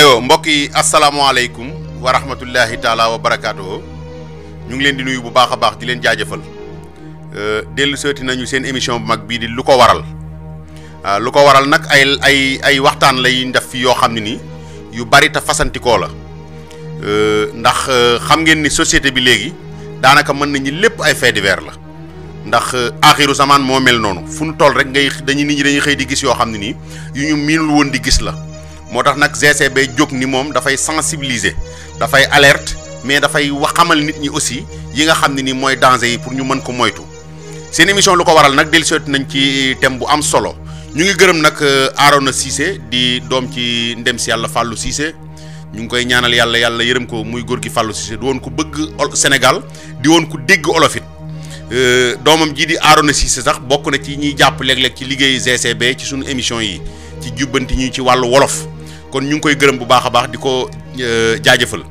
ayo mbokk yi asalaamaaleykum wa rahmatullahi taala wa ñu ngi leen di nuyu bu baax a baax di leen jaajëfal euh, dellu seeti nañu seen émission bu mag bii di lu ko waral ah, lu ko waral nag ay ay ay waxtaan lay def fi yoo xam ne nii yu bari te fasantikoo la euh, ndax euh, xam ngeen ni société bi léegi daanaka mën nañu lépp ay fait divers la ndax axiru samaan moo mel noonu fu nu toll rek ngay dañu nit ñi dañu xëy di gis yoo xam ne nii yu ñu miinul woon di gis la. moo tax nag GCB jóg ni moom dafay sensibiliser dafay alerte mais dafay xamal nit ñi aussi yi nga xam ne ni mooy danger yi pour ñu mën ko moytu seen émission lu ko waral nag dellusiwaat nañ ci thème bu am solo ñu ngi gërëm nag euh, Arona Cissé di doom ci ndem si yàlla Fallou Cissé ñu ngi koy ñaanal yàlla yàlla yërëm ko muy góor gi fàllu Cissé di woon ko bëgg Sénégal di woon ko dégg olofit euh, doomam jii di Arona Cissé sax bokk na ci ñuy jàpp léeg-léeg ci liggéey GCB ci sunu émission yi ci jubbanti ci wàllu wolof kon ñu ngi koy gërëm bu baax a baax di ko euh, jaajëfal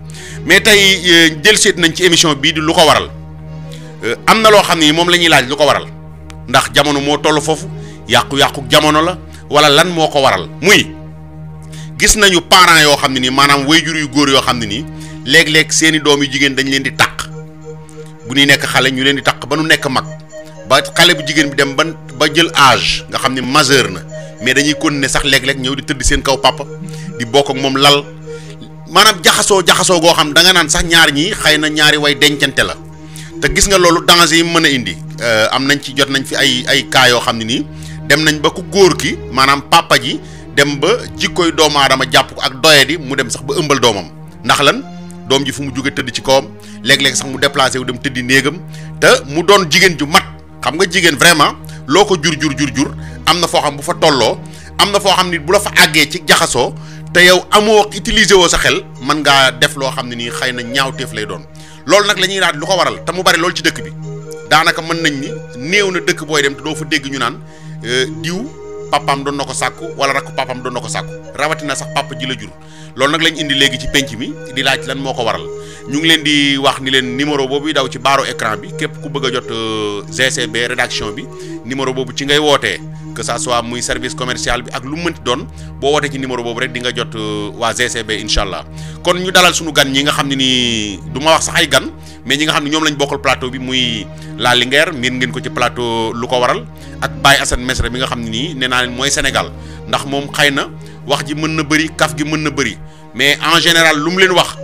mais tey jël euh, seet nañ ci émission bii di lu ko waral euh, am na loo xam ne moom lañuy laaj lu ko waral ndax jamono moo toll foofu yàqu-yàqu jamono la wala lan moo ko waral muy gis nañu parents yoo xam ne nii maanaam wayjur yu góor yoo xam ne nii léeg-léeg seeni doom yu jigéen dañu leen di tàq bu ñuy nekk xale ñu leen di tàq ba nu nekk mag ba xale bu jigéen bi dem ba ba jël age nga xam ne maseur na mais dañuy continuer sax léeg-léeg ñëw di tëdd seen kaw papa di bokk ak moom lal maanaam jaxasoo jaxasoo goo xam da nga naan sax ñaar ñi xëy na ñaari way dencante la te gis nga loolu danger yi mën a indi euh, am nañ ci jot nañ fi ay ay cas yoo xam ne nii dem nañ ba ku góor ki maanaam papa ji dem ba jikkoy doom aadama jàpp ko ak doye di mu dem sax ba ëmbal doomam ndax lan doom ji fu mu jóge tëdd ci kawam léeg-léeg sax mu déplacé wu dem tëddi néegam te mu doon jigéen ju mat xam nga jigéen vraiment loo ko jur jur jur jur am na foo xam bu fa tolloo am na foo xam nit bu la fa àggee ci jaxasoo te yow amoo utiliser woo sa xel mën ngaa def loo xam ne nii xëy na ñaawteef lay doon loolu nag lañuy ñuy raat lu ko waral te mu bari loolu ci dëkk bi daanaka mën nañ ni néew na dëkk booy dem te doo fa dégg ñu naan euh, diw papaam doon na ko sàkku wala rakku papaam doon na ko sàkku rawatina sax papa ji la jur loolu nag lañ indi léegi ci penc mi di laaj lan moo ko waral ñu ngi leen di wax ni leen numéro boobu daw ci baaru écran bi képp ku bëgg a jot euh, GCB rédaction bi numéro boobu ci ngay wootee que ça soit muy service commercial bi ak lu mënti doon boo wootee ci numéro boobu rek di nga jot euh, waa GCB incha allah kon ñu dalal suñu gan ñi nga xam ne ni du duma wax sax ay gan mais ñi nga xam ne ñoom lañ bokkal plateau bi muy la Linguère miin ngeen ko ci plateau lu ko waral ak Baye Assane Mesre bi nga xam ne nii nee naa mooy Sénégal ndax moom xëy na wax ji mën na bëri kaf gi mën na bëri mais en général lu mu leen wax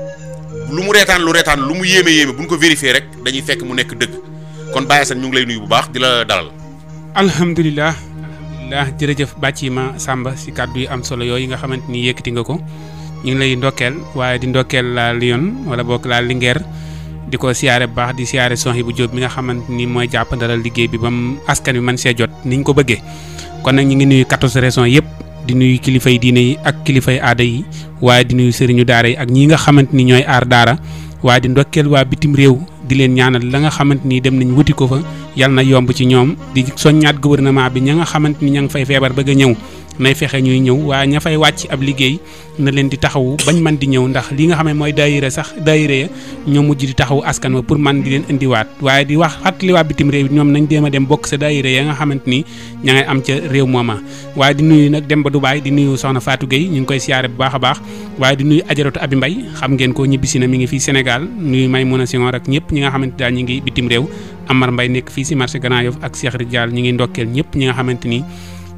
lu mu reetaan lu reetaan lu mu yéeme yéeme bu ñu ko vérifier rek dañuy fekk mu nekk dëgg kon Baye Assane ñu ngi lay nuyu bu baax di la dalal. alhamdulilah. alhamdulilah jërëjëf Bathima Samba si kàddu yi am solo yooyu nga xamante ni yëkkati nga ko ñu ngi lay ndokkeel waaye di ndokkeel wala boog la Linguère. di ko siyaare bu baax di siyaare son yi bu jóob mi nga xamante ni mooy jàppandalal liggéey bi ba mu askan bi man see jot ni ñu ko bëggee kon nag ñu ngi nuyu 14 régions yëpp di nuyu kilifay diine yi ak kilifay aada yi waaye di nuyu sëriñu daara yi ak ñi nga xamante ni ñooy aar daara waaye di ndokkeel waa bitim réew di leen ñaanal la nga xamante ni dem nañ wuti ko fa yal na yomb ci ñoom di soññaat gouvernement bi ña nga xamante ni ña ngi fay feebar bëgg a ñëw nay fexe ñuy ñëw waaye ña fay wàcc ab liggéey na leen di taxawu bañ man di ñëw ndax lii nga xam ne mooy daayira sax daayira ya ñoo mujj di taxawu askan wa pour man di leen indiwaat waaye di wax fàttaliwaat bitim réew ñoom nañ dem dem bokk sa daayira ya nga ni ña am ca réew mooma waaye di nuyu nag dem ba Dubaay di nuyu soxna Fatou Gueye ñu ngi koy siyaare bu baax a baax waaye di nuyu ajaratu Abi Mbay xam ngeen ko ñibbisi na mi ngi fii Sénégal nuyu Maymuna Senghor ak ñëpp ñi nga xamante daal ñi ngi bitim réew Amar Mbay nekk fii si marché Grand ak Cheikh Ridial ñi ngi ndokkeel ñëpp ñi nga xamante ni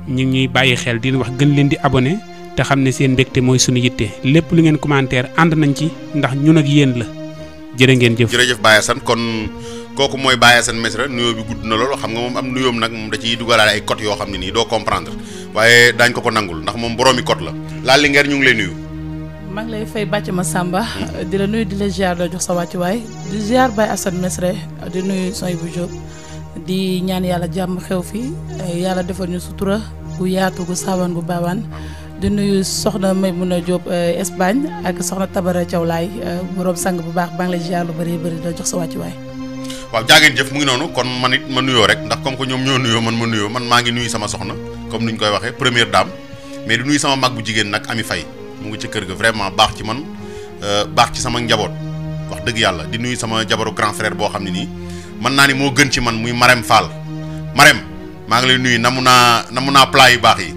ñu ñuy bàyyi xel di wax gën leen di abonné te xam ne seen mbégte mooy suñu yitte lépp lu ngeen commentaire ànd nañ ci ndax ñu ak yéen la jërë ngeen jëf. jërëjëf Baye Assane kon kooku mooy Baye Assane Mesra nuyoo bi gudd na lool xam nga moom am nuyoom nag moom da ciy dugalaale ay cote yoo xam ne nii doo comprendre waaye daañ ko ko nangul ndax moom boroomi cote la laal li ngeer ñu ngi lay nuyu. maa ngi ma Samba di la nuyu di la ziar jox sa wàccuwaay di ziar Baye Assane Mesra di nuyu Soy bu Diop di ñaan yàlla jàmm xew fi yàlla defal ñu sutura gu yaatu gu sawan gu bawan di nuyu soxna a Diop eh, Espagne ak soxna Tabara Thiaw Laay eh, borom sang bu baax bang la ziar lu bari bëri da jox sa wàccuwaay. waaw jaa jëf mu ngi noonu kon man it ma nuyoo rek ndax comme que ñoom ñoo nuyoo man ma nuyoo man maa ngi nuyu sama soxna comme ni ñu koy waxee première dame mais di nuyu sama mag bu jigéen nag Ami fay mu ngi ci kër gi vraiment baax ci man eh, baax ci sama njaboot wax dëgg yàlla di nuyu sama jabaru grand boo xam ne nii mën naa ni moo gën ci man muy Marème Fall Marème maa ngi lay nuyu namu naa namu naa plat yu baax yi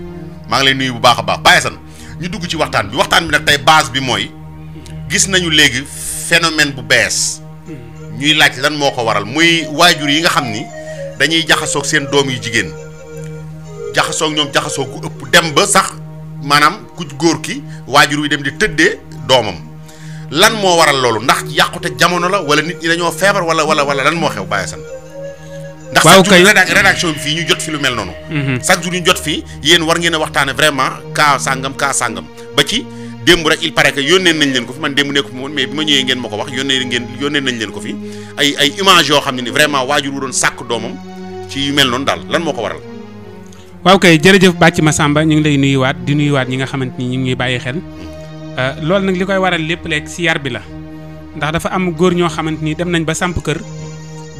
maa ngi lay nuyu bu baax a baax Baye San ñu dugg ci waxtaan bi waxtaan bi nag tey base bi mooy gis nañu léegi phénomène bu bees ñuy laaj lan moo ko waral muy waajur yi nga xam ni dañuy jaxasoog seen doom yu jigéen jaxasoog ñoom jaxasoog ku ëpp dem ba sax maanaam ku góor ki waajur wi dem di tëddee doomam lan moo waral loolu ndax yàqute jamono la wala nit ñi dañoo feebar wala wala wala lan moo xew Baye San ndax waaw kay rédaction bi fii ñu jot fi lu mel noonu. Mm-hmm. chaque jot fii war ngeen a waxtaane vraiment kaa sàngam kaa sàngam ba ci démb rek il paraît que yónnee nañ leen ko man démb nekku fi moom mais bi ma ñëwee ngeen ma ko wax leen ko fi yoo xam ne ni vraiment waajur wu doon sàkk doomam ci mel noonu daal lan moo ko waral. waaw kay jërëjëf Bàcc Masamba ñu ngi lay nuyuwaat di nuyuwaat ñi nga xamante ni ñu ngi bàyyi xel mm-hmm. euh, loolu nag li koy waral lépp léegi si yar bi la ndax dafa am góor ñoo xamante ni dem nañ ba samp kër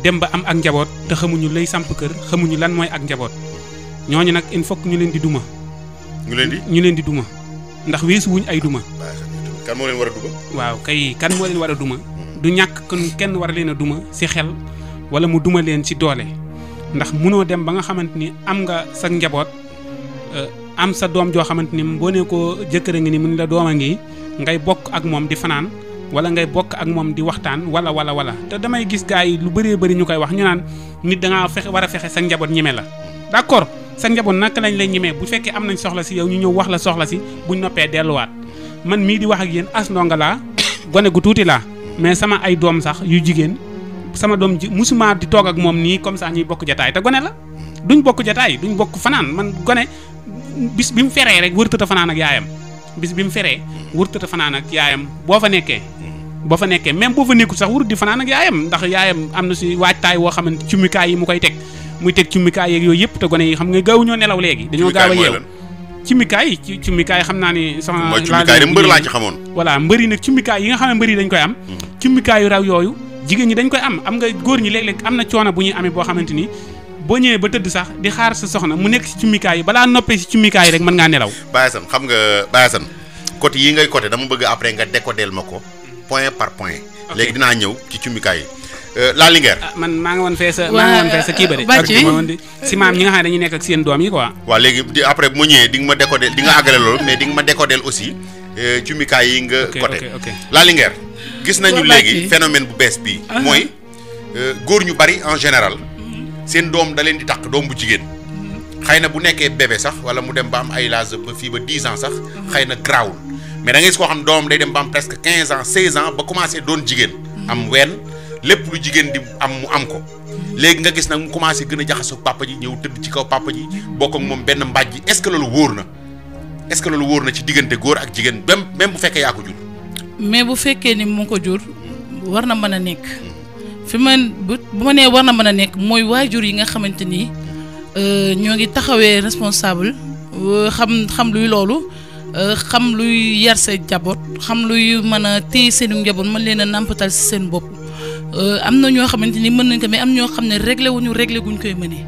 dem ba am ak njaboot te xamuñu lay samp kër xamuñu lan mooy ak njaboot ñooñu nag il faut ñu leen di duma. ñu leen di duma ndax weesuwuñ ay duma. kan moo duma. waaw kay kan moo leen war a duma. Hmm. du ñàkk kon kenn war leen a duma si xel wala mu duma leen si doole ndax munoo dem ba nga xamante ni am nga sa njaboot. Euh, am sa doom joo xamante ni boo ne ko jëkkër a ngi ni mu ni la doom a ngi ngay bokk ak moom di fanaan wala ngay bokk ak moom di waxtaan wala wala wala te damay gis gars yi lu bëree bëri ñu koy wax ñu naan nit dangaa fexe war a fexe sa njaboot ñeme la d'accord sa njaboot naka lañ lay ñemee bu fekkee am nañ soxla si yow ñu ñëw wax la soxla si buñ noppee delluwaat man mii di wax ak yéen as ndongo laa gone gu tuuti laa mais sama ay doom sax yu jigéen sama doom ji musuma di toog ak moom nii comme ça ñuy bokk jataay te gone la duñ bokk jataay duñ bokk fanaan man gone bis bi mu feree rek wërtata fanaan ak yaayam bis bi mu feree wurtata fanaan ak yaayam boo fa nekkee boo fa nekkee même boo fa nekkul sax wurut di fanaan ak yaayam ndax yaayam am na si waajtaay woo xamante cummikaay yi mu koy teg muy teg cummikaay yeeg yooyu yëpp te gone yi xam nga gaaw ñoo nelaw léegi dañoo gaaw a yeew cummikaay cummikaay xam naa ni sama cummikaay mbër laa ci xamoon voilà mbëri nag cummikaay yi nga xam ne mbëri dañ koy am hmm. cummikaay yu raw yooyu jigéen ñi dañ koy am am nga góor ñi léeg-léeg am na coono bu ñuy amee boo xamante ni boo ñëwee ba tëdd sax di xaar sa soxna mu nekk ci cummikaay yi balaa noppee si cummikaay yi rek mën ngaa nelaw. Baye Assane xam nga Baye Assane côté yi ngay côté dama bëgg après nga décodeel ma ko point par point. léegi dinaa ñëw ci cummikaay yi. Euh, la Linguère. Ah, man maa ngi woon fee sa maa ngi woon fee sa kii ba de. nga xam ne dañuy nekk seen doom yi quoi. waaw léegi di après bu ma ñëwee di nga ma décodeel di nga àggale loolu mais di nga ma décodeel euh, yi nga. côté la Linguère. gis nañu léegi phénomène bu bees bii. Ah. mooy euh, góor ñu bari en général seen doom da leen di takk doom bu jigéen mm-hmm. xëy na bu nekkee bébé sax wala mu dem baam ay l'âge ba fii ba 10 an sax mm-hmm. xëy na garaawul mais da ngay gis koo xam doom day dem ba am presque 15 ans 16 ans ba commencé doon jigéen mm-hmm. am ween lépp lu jigéen di am mu am ko léegi nga gis nag mu commencé gën a jaxasoo papa ji ñëw tëdd ci kaw papa ji bokk moom benn mbaaj ji est-ce que loolu wóor na est-ce que loolu wóor na ci diggante góor ak jigéen même même bu fekkee yaa ko jur mais bu fekkee ni mu ko jur war na mën a nekk fi ma bu ma nee war na mën a nekk mooy waajur yi nga xamante ni euh, ñoo ngi taxawee responsable euh, xam xam luy loolu euh, xam luy yar sa njaboot xam luy mën a téye seenu njaboot mën leen a nàmpatal si seen bopp am na ñoo xamante ni mën nañ ko mais am ñoo xam ne réglé wuñu réglé guñ koy mënee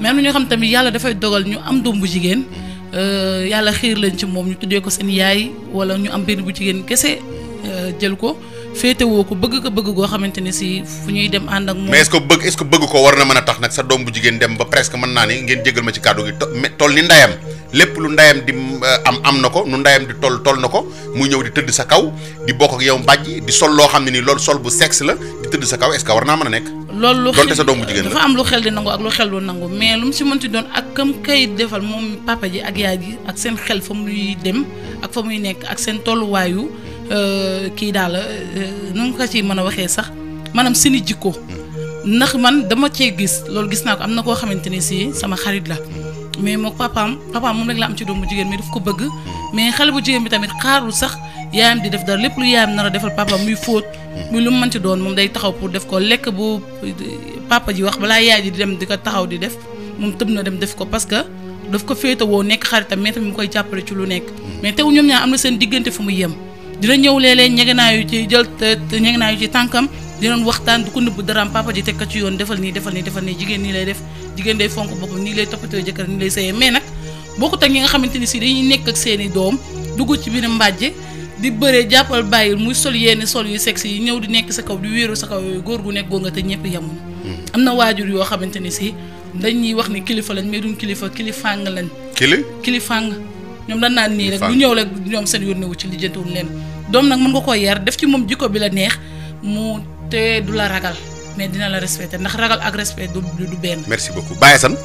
mais am na ñoo xam tamit yàlla dafay dogal ñu am doom bu jigéen yàlla xiir lañ ci moom ñu tuddee ko seen yaay wala ñu am benn bu jigéen kese jël ko. féetewoo ko bëgg ko bëgg goo xamante ne si fu ñuy dem ànd ak moom mais ko ce bëgg ko war na mën a tax nag sa doom bu jigéen dem ba presque mën naa ni ngeen jéggal ma ci kàddu gi toll ni ndayam lépp lu ndayam di euh, am am na ko nu ndayam di toll toll na ko mu ñëw di tëdd sa kaw di bokk ak yow mbàjj di sol loo xam ne nii loolu sol bu sexe la di tëdd sa kaw est-ce que war naa mën a nekk lool lu donte sa doom bu jigéen la dafa am lu xel di nangu ak lu xel lu nangu mais lu mu si mënti doon ak kam ji ak yaay ji ak seen xel fa muy dem ak muy nekk ak tolluwaayu Euh, kii daal euh, nu nga ko ciy mën a waxee sax maanaam seeni jikko ndax man dama cee gis loolu gis naa ko am na koo xamante ne si sama xarit la mais moom papaam papaam moom rek la am ci doomu jigéen mi daf ko bëgg mais xale bu jigéen bi tamit xaarul sax yaayam di def lépp lu yaayam nar defal papa muy fóot muy mu mën ci doon moom day taxaw pour def ko lekk bu papa ji wax balaa yaay ji di dem di ko taxaw di def moom tëb na dem def ko parce que daf ko woo nekk xaritam mais tamit mu koy jàppale ci lu nekk mais teew ñoom ñaar am na seen diggante fu mu yem dina ñëw léeg-léeg ñegenaayu ci jël ñegenaayu ci tànkam di doon waxtaan du ko nëbb daram papa ji teg ko ci yoon defal nii defal nii defal nii jigéen nii lay def jigéen day fonk boppam nii lay toppatoo jëkkër nii lay sëyee mais nag ko ak ñi nga xamante ni si dañuy nekk ak seen doom dugg ci biir mbàjje di bëree jàppal bàyyil muy sol yenn sol yu sexe yi ñëw di nekk sa kaw di wéeru sa kaw yooyu góor gu nekk góor nga te ñëpp yemoon hmm. am na waajur yoo xamante ni si dañuy wax ni kilifa lañ mais duñ kilifa kilifang lañ kili kilifang ñoom dañ naan nii rek lu ñëw rek ñoom seen yónne wu ci lijjantiwul leen doom nag mën nga koo yar def ci moom jikko bi la neex mu te du la ragal mais dina la respecte ndax ragal ak respect du du benn. merci beaucoup Baye San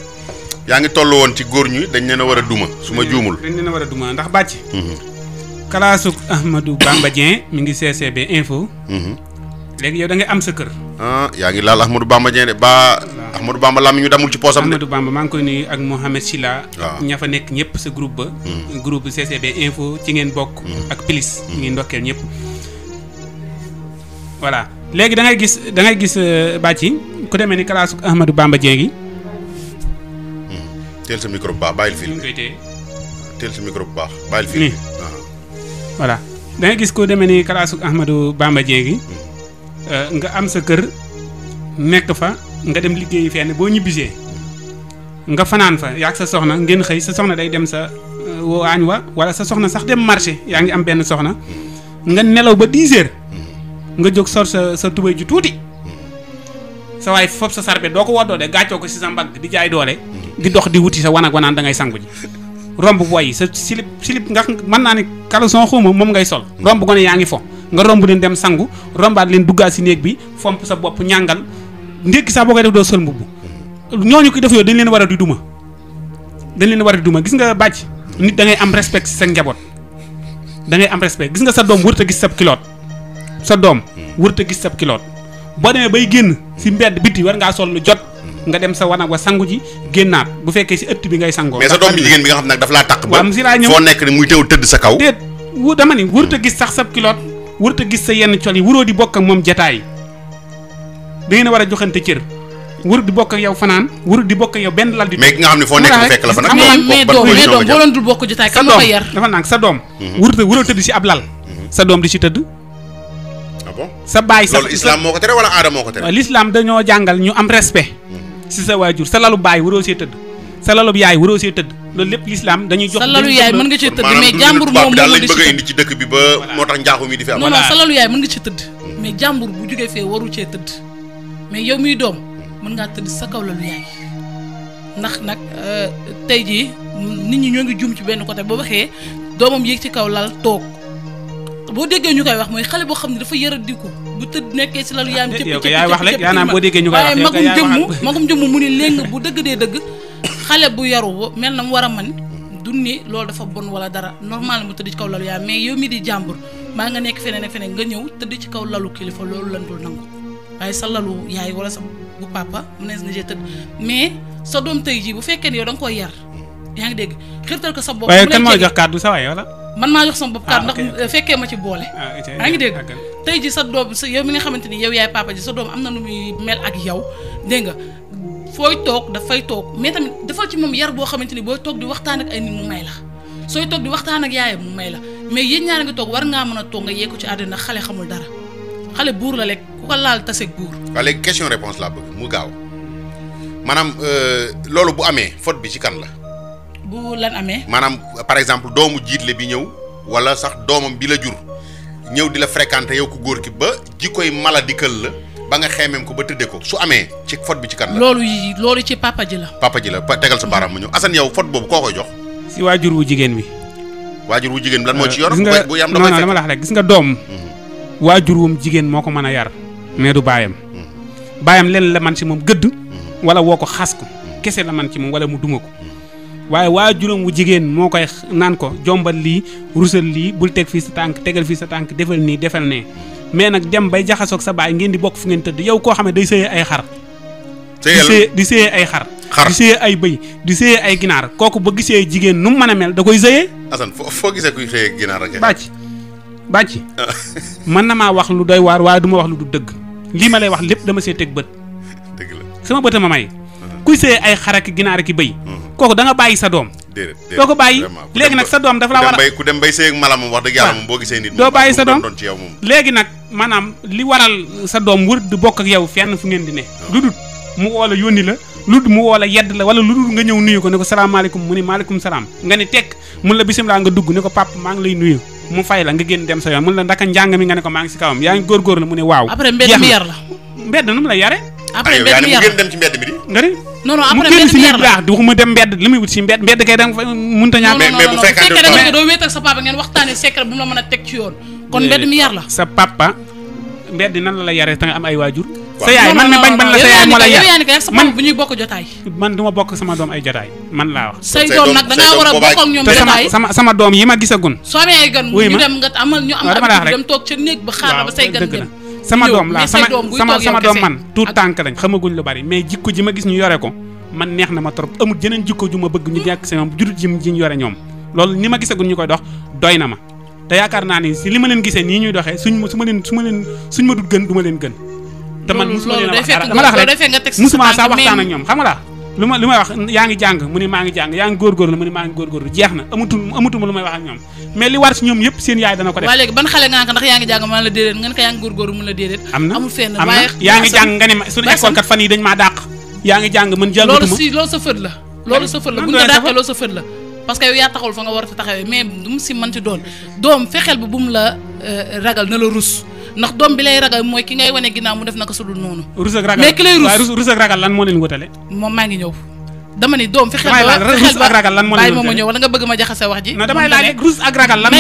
yaa ngi toll woon ci góor ñi dañ leen a war a duma su ma juumul. war a duma ndax bàcc. Mhm. kalaasuk Ahmadou Bamba Dieng mi ngi CCB info. Mhm. léegi yow da ngay am sa kër. Ah, yaa ngi laal Ahmadou Bamba Dieng de ba Ahmadou Bamba làmmiñ ñu damul ci poosam Ahmadou Bamba ak Mouhamed Silla ña fa nekk ñëpp sa groupe ba hmm. groupe CCB info ci ngeen bokk hmm. ak pilis ñu hmm. ngi ndokkeel ñëpp voilà léegi da gis dangay gis euh, bàcc ku demee ni kalaasu Ahmadou Bamba Dieng gi teel sa bu baax bàyyil fil teel sa micro ah. gis ko demee ni kalaasu Ahmadou Bamba Dieng gi euh, nga am sa kër nekk fa nga dem liggéeyi fenn boo ñibbisee nga fanaan fa yaag sa soxna ngeen xëy sa soxna day dem sa euh, waañ wa wala sa soxna sax dem marché yaa ngi am benn soxna nga nelaw ba 10 heures nga jóg sor sa sa tubéy ju tuuti sa waay fopp sa sarbe doo ko woddoo de gàccoo ko si sa mbagg di jaay doole di dox di wuti sa wanag wanaan da ngay sangu ji romb boy yi sa silib silib nga mën naa ne caleçon xuma moom ngay sol romb gone yaa ngi fo nga romb leen dem sangu rombaat leen duggaat si néeg bi fomp sa bopp ñàngal ndékki sax boo koy def doo sol mbubb ñooñu ko def yooyu dañ leen war a di duma dañ leen war a di duma gis nga bàcc nit da ngay am respect sa njaboot da am respect gis nga sa doom wërta gis sab kiloot sa doom wërta gis sab kiloot boo demee bay génn si mbedd biti war ngaa sol lu jot nga dem sa wanag wa sangu ji génnaat bu fekkee si ëtt bi ngay sangoo. mais sa doom bi jigéen bi nga xam nag daf laa taq ba foo nekk ni muy teew tëdd sa kaw déet wu dama ni wërta gis sax sab kiloot wërta gis sa yenn col yi wuroo di bokk ak moom jataay da ngeen a war a joxante cër wurut di bokk ak yow fanaan wuru di bokk ak benn lal di. mais ki nga xam ne foo nekk fekk la fa nag. mais doom mais doom boo doon dul bokk jotaay kan ma ko yar dafa sa doom. Mhm. wurut wuroo tëdd si ab lal. Mhm. sa doom di si tëdd. ah sa baay sa loolu moo ko tere wala aada moo ko tere. dañoo jàngal ñu am respect. si mhm. sa waajur sa lalu baay wuroo see tëdd. sa lalu yaay waroo see tëdd loolu lépp l'islam dañuy jox sa lalu yaay mën nga cee tëdd mais jàmbur moom daal ci dëkk bi ba moo tax njaaxum yi di fi mën nga cee tëdd mais jàmbur bu jógee fee waru cee tëdd mais yow miy doom mën ngaa tëdd sa kaw la ndax nag euh, tey jii nit ñi ñoo ngi juum ci benn côté boo waxee doomam yéeg ci kaw lal toog boo déggee ñu koy wax xale boo xam ne dafa yërëndi ko bu tëdd nekkee si lalu yaayam cëpp cëpp cëpp waaye magum jëmmu magum jëmmu mu ni léng bu dëgg dee dëgg xale bu yaru mel na mu war a man du ni loolu dafa bon wala dara normal mu tëdd ci kaw lalu yaayam mais yow mi di jàmbur maa nga nekk feneen feneen nga ñëw tëdd ci kaw lalu kilifa loolu lan dul nangu waaye sa lalu yaay wala sa bu papa mënees na jee tëdd mais sa doom tey jii bu fekkee ne yow da nga koy yar yaa ngi dégg xirtal ko sa bopp. waaye kan jox kàddu sa waay wala. man maa jox sama bopp kàddu ah, ndax fekkee ma ci boole. Ah, ngi dégg tey ji sa doom sa yow mi nga xamante ni yow yaay papa sa doom am na lu muy mel ak yow dégg nga fooy toog dafay toog mais tamit dafa ci moom yar boo xamante ni booy toog di waxtaan ak ay nit mu may la sooy toog di waxtaan ak yaayam mu may la mais yéen ñaar nga toog war ngaa mën a toog nga yee ko ci àddina xale xamul dara xale buur la lekk ku ko laal taseeg buur. waaw question réponse laa bëgg mu gaaw maanaam euh, loolu bu amee faute bi ci kan la. bu lan amee. maanaam par exemple doomu jiitle bi ñëw wala sax doomam bi la jur ñëw di la fréquenter yow ko góor ki ba ji koy maladikal la ba nga xeemeem ko ba tëddee ko su amee ci faute bi ci kan la. loolu yi loolu ci papa ji la. papa ji la tegal sa baaraam mu ñëw Assane yow faute boobu koo koy jox. si waajur wu jigéen bi. waajur wu jigéen lan moo ci euh, yor. bu yam gis nga doom. Mhm. waa juróom jigéen moo ko mën a yar mais du baayam baayam leen la man ci moom gëdd wala woo ko xas ko kese la man ci moom wala mu duma ko waaye waa waajuram wu jigéen moo koy naan ko jombal lii rusal lii bul teg fii sa tànk tegal fii sa tànk defal nii defal nee mais nag dem bay jaxasoog sa baay ngeen di bokk fu ngeen tëdd yow koo xam ne day sëyee ay xar di sëyee ay xar di sëyee ay bëy di sëyee ay ginaar kooku ba gisee jigéen nu mu mën a mel da koy sëyee asan foo gisee kuy sëyee ginaar ak bàcc bàcc mën na maa wax lu doy waar waaye duma wax lu du dëgg lii ma lay wax lépp dama see teg bët sama bët a ma may kuy sëy ay xar ak ginaar ak bëy mhm. kooku danga bàyyi sa doom doo ko bàyyi léegi nag sa doom dafa la war a ku dem bay sëy ak mala moom wax dëgg yàlla moom boo gisee nit doo bàyyi sa doom léegi nag maanaam li waral sa doom wër du bokk ak yow fenn fu ngeen di ne lu dut mu woo la yónni la lu mu woo la yedd la wala lu dul nga ñëw nuyu ko ne ko salaamaaleykum mu ne maaleykum salaam nga ne tekk mun la bisimilah ko pap maa ngi lay nuyu mu fay nga génn dem sa yoon mun la ndaka njàng nga ne ko maa ngi si kawam yaa ngi góorgóorlu mu ne waaw. a ñàkk mais bu fekkee da nga doo wéet ak sa mën a teg ci yoon kon mbedd mi yar la sa papa mbedd nan la la yare te nga am ay waajur sa yaay man mi bañ ban la sa yaay man bu ñuy bokk jotaay man du ma bokk sama doom ay jotaay man laa wax say doom nag da ngaa war a bokk ak ñoom jotaay sama sama doom yi ma gisagun soo amee ay nga amal ñu am habitude dem toog ca néeg sama doom laa sama sama sama doom man tout tànk lañ xamaguñ lu bari mais jikko ji ma gis ñu yore ko man neex na ma trop amul jeneen jikko ju ma bëgg ñu jàkk mm. sa ñoom jurut ji ñu yore ñoom loolu ni ma gisagun ñu koy dox doy na ma te yaakaar naa ni si li ma leen gisee nii ñuy doxee suñ su ma su ma leen suñ ma dut gën du gën te man musuma leen wax dama la wax rek nga la lu ngi jàng mu ne maa ngi jàng yaa ngi góorgóorlu mu ne maa ngi góorgóorlu jeex na amatum amatuma lu si ñoom ko def waaw léegi ban xale mu la na amul fenn waaye yaa ngi jàng nga yaa ngi jàng man jàngatuma loolu si loolu sa fët la loolu sa fët que yow yaa taxawul fa nga war a taxawee mais du mu si mën ci doon doom fexeel bi bu mu la euh, ragal na la rus ndax doom bi lay ragal mooy ki ngay wane ginnaaw mu def naka sudul noonu. rus ak ragal mais ki lay rus rus ak moo leen wutale. moom maa ngi ñëw. dama ni doom fi xel ba rus ak ragal lan moo leen ma ma ñëw nga bëgg ma jaxase wax ji. non damay laaj rek rus ak ragal lan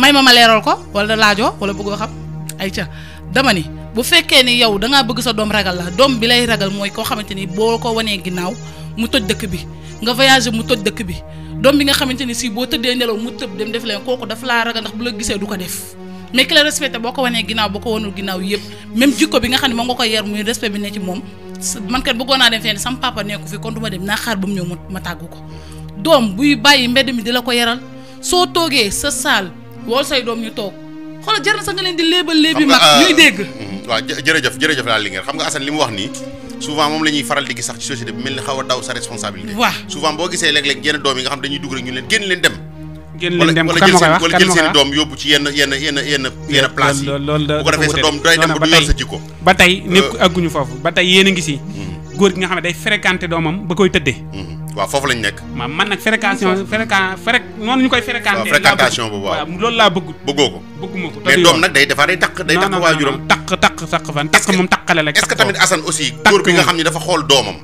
may ma ma leeral ko wala laajoo wala bëggoo xam ay ca dama ni bu fekkee ni yow da ngaa bëgg sa doom ragal la doom bi lay ragal mooy koo xamante ni boo ko wanee ginnaaw mu toj dëkk bi nga voyagé mu toj dëkk bi doom bi nga xamante ni si boo tëddee nelaw mu tëb dem def leen kooku daf laa ragal ndax bu la gisee du ko def mais ki la boo ko wanee ginnaaw boo ko wanul ginnaaw yëpp naa dem fenn sama papa nekku fi kon du ma dem naa xaar ba mu ñëw ma mi di la ko yaral soo toogee sa saal say doom ñu toog xool jar na sax nga leen di léebal léebi mag euh, ñuy dégg mm-hmm, waaw jërëjëf jërëjëf laa li mel ni xaw a daw sa responsabilité waaw souvent boo gisee léeg-léeg yenn doom yi nga xam dañuy dugg ñu leen génn leen dem génn leen dem kan ma koy wax kan ma koy wax wala jël foofu ba tey yéen a ngi mhm. góor gi nga xam ne day fréquenté doomam ba koy tëddee mhm. waaw foofu lañ nekk waaw man nag fréquentation fréquent fré noonu koy fréquenté fréquentation boobu waaw loolu laa bëgg bëggoo ko bëgguma ko mais doom nag day defaa day takk day takk waajuram takk takk takk fan takk moom takkale la est-ce que tamit Assane aussi góor bi nga xam ne dafa xool doomam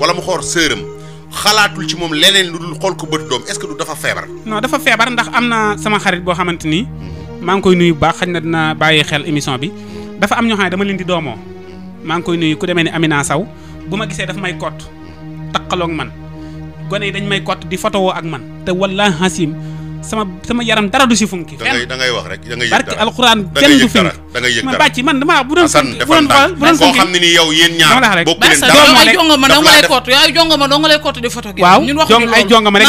wala mu xool sëram xalaatul ci moom leneen lu dul xool ko bët doom est-ce que du dafa feebar. non dafa feebar ndax am na sama xarit boo xamante ni maa ngi koy nuyu baax xañ na dina bàyyi xel émission bi dafa am ñoo xam ne dama leen di doomoo maa ngi koy nuyu ku demee ni naa Saw bu ma gisee dafa may kott taqaloog man gone yi dañ may kott di fotowoo ak man te wallaahi hasim sama sama yaram dara du si funki fenn da ngay wax rek da ngay yëg dara barke alxuraan benn du funki da man bàcc man bu doon funki bu doon xool bu ma nga lay kootu yow ay jongo ma doo nga lay kootu di photo gi waaw ñun waxu ay jongo ma rek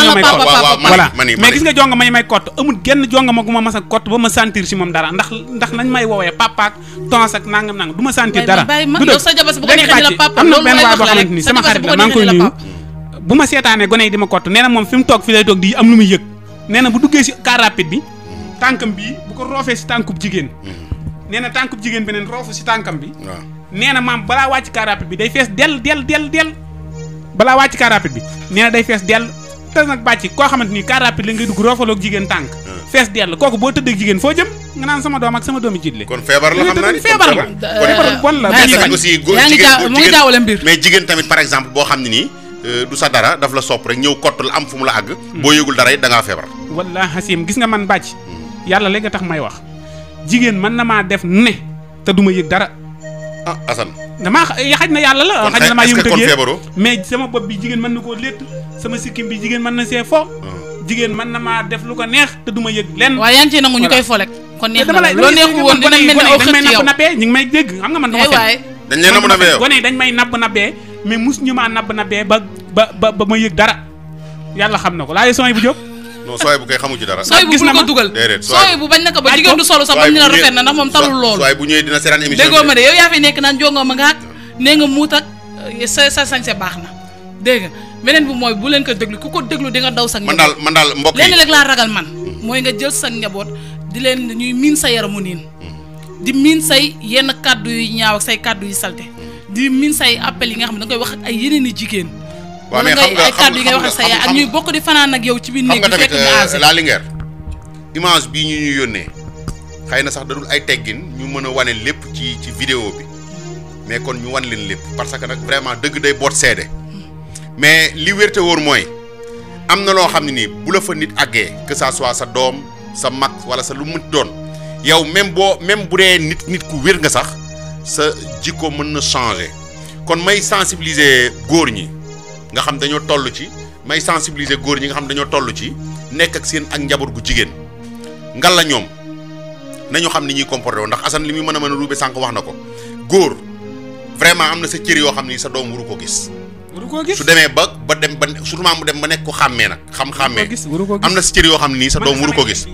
a kootu ba ma sentir dara ndax ndax nañ may woowee papaak tons ak nangam ma sentir dara am na benn waay boo xamante ni sama xarit la maa ngi koy seetaanee gone yi di ma kottu nee moom fi toog fi lay toog di am lu mu yëg nee na bu duggee si car rapide bi tànkam bi bu ko roofee si tànkub jigéen mm-hmm. nee na tànkub jigéen beneen roofu si tànkam bi waaw nee na maam balaa wàcc car rapide bi day fees dell dell del dell balaa wàcc car rapide bi nee na day fees dell te nag bàcci koo xamante ni car rapide la ngay dugg roofaloog jigéen tànk mm. fees dell kooku boo tëddeeg jigéen foo jëm nga naan sama doom ak sama doomi jiitle kon feebar la xam naa ni feebar la bon la aussi mu ngi jaawale mais jigéen tamit par exemple boo xam ne nii Euh, du sa dara daf la sopp rek ñëw kott la am fu mu la àgg. boo yëgul dara it da ngaa feebar. wallaahi Hasim gis nga man bàcc. yàlla léegi tax may wax. jigéen man na maa def ne te du ma yëg dara. ah Assane. damaa eh, xaj na yàlla la. xaj na maa yëngu tëggee mais bi jigéen mën na koo létt sama sikkim bi jigéen mën na see fo. Ah. jigéen mën na maa def lu ko neex te du ma yëg lenn. waaw yaa ngi ciy nangu ñu koy folek. kon neex na la loo neexul woon dina mel ne aw xët ci yow eh, dañ may napp nappee ñu dañ leen napp nappee yow gone dañ may napp nappee mais mus ñu maa nabb nabbee ba ba ba ma yëg dara yàlla xam na ko laaye sooy bu jóg. non sooy bu koy xamu ci dara. sooy bu bul ko dugal déedéet sooy bañ na ko ba jigéen du solo sax bañ na rafet na ndax moom talul loolu. sooy bu ñëwee dina seetaan émission déggoo ma de yow yaa euh, sa baax na dégg nga beneen bi mooy bu leen ko déglu ku ko déglu di nga daw sax. man daal man daal mbokk yi lenn rek ragal man. mooy nga jël sa njaboot di leen ñuy miin sa yaramu niin mm. di miin say yenn kàddu yu ñaaw ak say kàddu yu salte di min say appel yi nga xam ne da nga koy wax ak yeneen i jigéen. waaw mais xam nga ay kàddu yi ngay wax ak sa yaay bokk di fanaan ak yow. ci biir néeg bi fekk nga tamit euh, la Linguère image bii ñu ñu yónnee xëy na sax dadul ay teggin ñu mën a wane lépp ci ci vidéo bi mais kon ñu wan leen lépp parce que nag vraiment dëgg day boot seede mais li wérte wóor mooy am na loo xam ne nii bu la fa nit àggee que ça sa doom sa mag wala sa lu mu doon yow même boo même bu dee nit nit ku wér nga sax. sa jikko mën na changer kon may sensibiliser góor ñi nga xam dañoo toll ci may sensibiliser góor ñi nga xam dañoo toll ci nekk ak seen ak njaboot gu jigéen ngal la ñoom nañu xam ni ñuy comporté woon ndax Assane li muy mën a mën a ruube sànq wax na ko góor vraiment am na sa cër yoo xam ni sa doom waru ko gis. waru gis su ba ba dem ba surtout mu dem ba nekk ko nag. xam xàmmee am na sa yoo xam ni sa doom waru ko gis.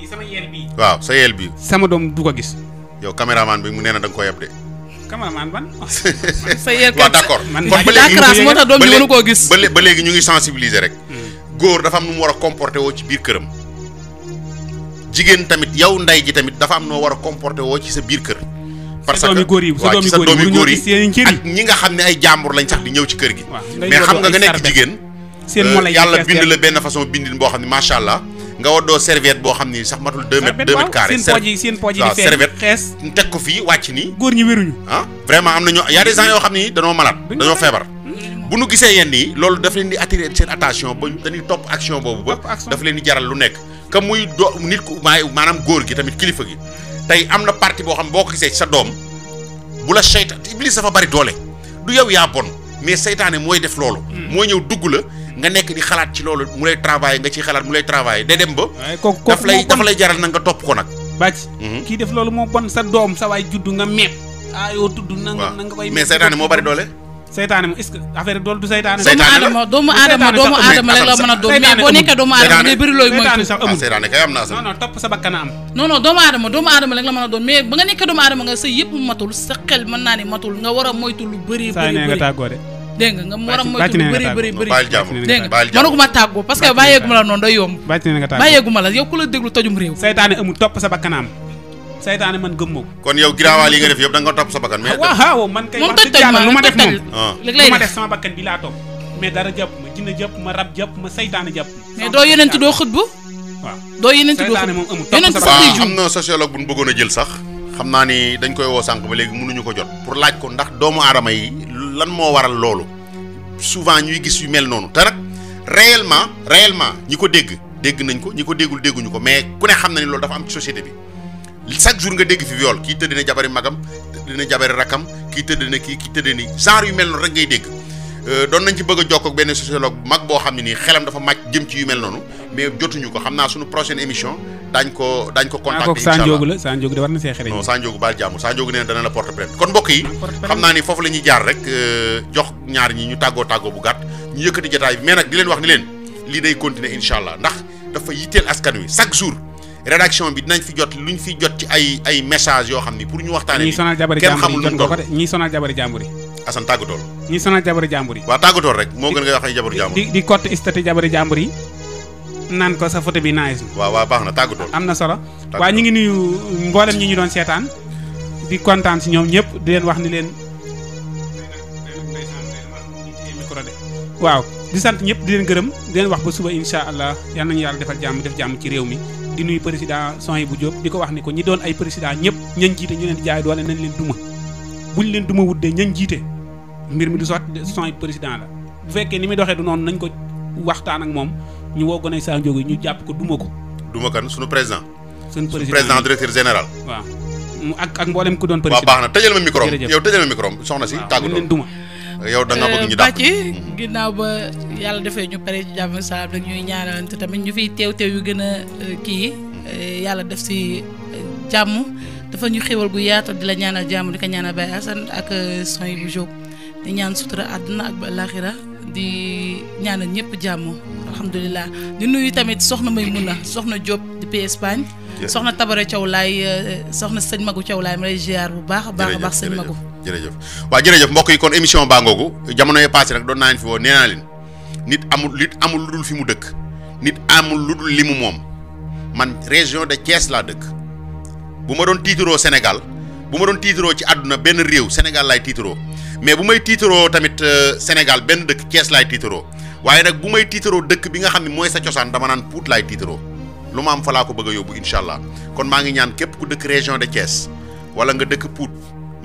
waaw sa yel bi. sama doom du ko gis. yow caméraman bi mu nee na da ko yeb de. cameraman ban. sa yelkam d' accord man ba léegi moo tax doom ji mënu koo gis. ba léegi ñu ngi sensibiliser rek. Hmm. góor dafa am nu mu war a comporté woo ci biir këram. jigéen tamit yow nday ji tamit dafa am noo war a comporté woo ci sa biir kër. parce que waaw ci sa doomi góor yi ak ñi nga xam ne ay jàmbur lañ sax di ñëw ci kër gi. mais xam nga nga nekk jigéen. Euh, yàlla bind la benn façon bindin boo xam ne macha allah nga waddoo serviette boo xam ni sax matul deux mètres deux mètres carré seen pooj yi seen pooj teg ko fii wàcc nii góor ñi wéruñu ah am na y a des gens yoo xam ni dañoo malade dañoo feebar bu nu gisee yenn yi loolu daf leen di attirer seen attention ba dañuy topp action boobu ba dafa leen di jaral lu nekk que muy do nit ku maanaam góor gi tamit kilifa gi tey am na parti boo xam boo ko gisee sa doom bu la seytaan iblis dafa bari doole du yow yaa mais seytaane mooy def loolu. Hmm. moo ñëw dugg la nga nekk di xalaat ci loolu mu lay travailler nga ciy xalaat mu lay travailler day dem ba. daf lay daf lay jaral na nga topp ko nag. bàcc. Hmm. kii def loolu moo bon sa doom sa waay juddu nga meeb. ah yoo tudd. na nga koy mais seytaane moo bari doole. seytaane mu est-ce que affaire doomu aadama doomu la mën a doon mais boo nekkee doomu aadama ngay bëri looy moytu sax amul ah, seytaane kay am naa sax non non topp sa bakkan a am non non doomu aadama doomu aadama rek la mën a doon mais ba nga nekkee doomu nga sa yëpp matul sa xel mën nga war a moytu lu bëri bëri nga tàggoo de dégg nga nga war a moytu lu bëri bëri nga mënaguma tàggoo parce que bàyyeeguma la noonu day yomb bàyyeeguma la yow ku la déglu tojum réew topp a am seytaane man gëm kon yow giraawaal yi nga def yëpp da nga topp sa bakkan mais ah, waaw man kay wax dëgg yàlla lu ma def moom ah. lu ma def sama bakkan bi laa topp mais dara jàpp ma jinne jàpp ma rab jàpp ma seytaane jàpp ma mais doo yonent doo xutbu waaw doo yonent doo xutbu moom amul yonent sax am na sociologue bu ñu bëggoon a jël sax xam naa ni dañ koy woo sànq ba léegi mënuñu ko jot pour laaj ko ndax doomu aadama yi lan moo waral loolu souvent ñuy gis yu mel noonu te nag réellement ñi ko dégg dégg nañ ko ñi ko déggul dégguñu ko mais ku ne xam na loolu dafa am ci société bi chaque jour nga dégg fi viol kii tëdd na jabari magam tëdd na jabari rakam kii tëdd na kii kii tëdd ni genre yu mel noonu rek ngay dégg euh, doon nañ ci bëgg jokk jokkoo ak benn sociologue mag boo xam ne nii xelam dafa màcc jëm ci yu mel noonu mais jotuñu ko xam naa suñu prochaine émission daañ ko daañ ko contacter incha allah Sanjoogu la Sanjoogu de war na see xereñ non Sanjoogu baal jàmm Sanjoogu nee na dana la porte plainte kon mbokk yi ah, xam naa ni foofu la jaar rek euh, jox ñaar ñi ñu tàggoo tàggoo bu gàtt ñu yëkkati jotaay bi mais nag leen wax ni leen lii day continuer allah ndax dafa yitteel askan wi chaque jour rédaction bi dinañ fi jot ñu fi jot ci ay ay message yoo xam ni pour ñu waxtaanee. ñii sonal jabari jàmbur yi jot ko sonal jabari jàmbur yi. Assane tàggatool. ñii sonal jabari jàmbur yi. waaw tàggatool rek moo gën ngay wax ay jabaru jàmbur. di di cotte istati jabari jàmbur yi. naan ko sa photo bi nice. waaw waaw baax na tàggatool. am na solo waaw ñu ngi nuyu mboolem ñi ñu doon seetaan. di kontaan si ñoom ñëpp di leen wax ni leen. waaw di sant ñëpp di leen gërëm di leen wax ba suba incha allah yal nañu yàlla defal jàm def jàmm ci réew mi di nuyu président son bu Diop di ko wax ni ko ñi doon ay président ñëpp ñañ jiite ñu leen di jaay doole nañ leen duma buñ leen duma wut ñañ jiite mbir mi du sot son président la bu fekkee ni muy doxe du noonu nañ ko waxtaan ak moom ñu woo gone saa njóog yi ñu jàpp ko duma ko. duma kan sunu président. sunu président président directeur général. waaw ak ak mboolem ku doon. président waaw baax na tëjal ma micro yow tëjal ma micro soxna si. tàggatoo waaw yow da nga bëgg ñu ginnaaw ba yàlla defee ñu pare ci jàmm salaam rek ñuy ñaanalante tamit ñu fi teew teew yu gën a euh, kii euh, yàlla def si euh, jàmm dafa ñu xéwal gu yaatal di la ñaanal jàmm di ko ñaanal Baye Assane ak son bu Diop di ñaan sutura àdduna ak ba laaxira di ñaanal ñëpp jàmm alhamdulilah di nuyu tamit soxna may mun a soxna Diop depuis Espagne soxna Tabara Thiaw laay soxna sëñ Magu Thiaw laay ma lay ziar bu baax a baax a baax sëñ Magu jërëjëf waaw jërëjëf mbokk yi kon émission baa ngoogu jamono yi passé nag doon naa leen fi woo nee nit amul nit amul lu dul fi mu dëkk nit amul lu dul li mu moom man région de Thiès laa dëkk bu ma doon tiitaroo Sénégal bu ma doon tiitaroo ci àdduna benn réew Sénégal laay tiitaroo mais bu may tiitaroo tamit euh, Sénégal benn dëkk Thiès laay tiitaroo waaye nag bu may tiitaroo dëkk bi nga xam ne mooy sa cosaan dama naan Pout laay tiitaroo lu ma am falaa ko bëgg a yóbbu incha allah kon maa ngi ñaan képp ku dëkk région de Thiès wala nga dëkk Pout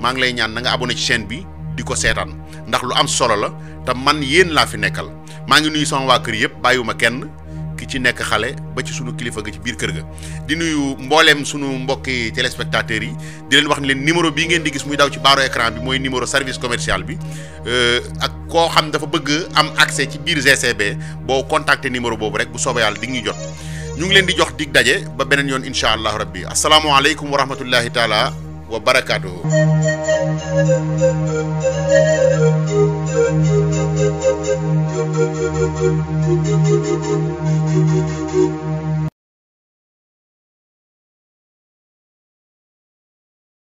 maa ngi lay ñaan na nga abonné ci chaîne bi di ko seetaan ndax lu am solo la te man yéen laa fi nekkal maa ngi nuyu sama waa kër yëpp bàyyiwuma kenn ki ci nekk xale ba ci sunu kilifa gi ci biir kër ga di nuyu mbooleem sunu mbokki téléspectateurs yi di leen wax ne leen numéro bii ngeen di gis muy daw ci baaro écran bi mooy numéro service commercial bi euh, ak koo xam dafa bëgg am accès ci biir GCB boo contacter numéro boobu rek bu soobee yàlla di ñu jot ñu ngi leen di jox dig daje ba beneen yoon incha allah rabbi asalaamualeykum wa rahmatullahi taala wa barakaatuhu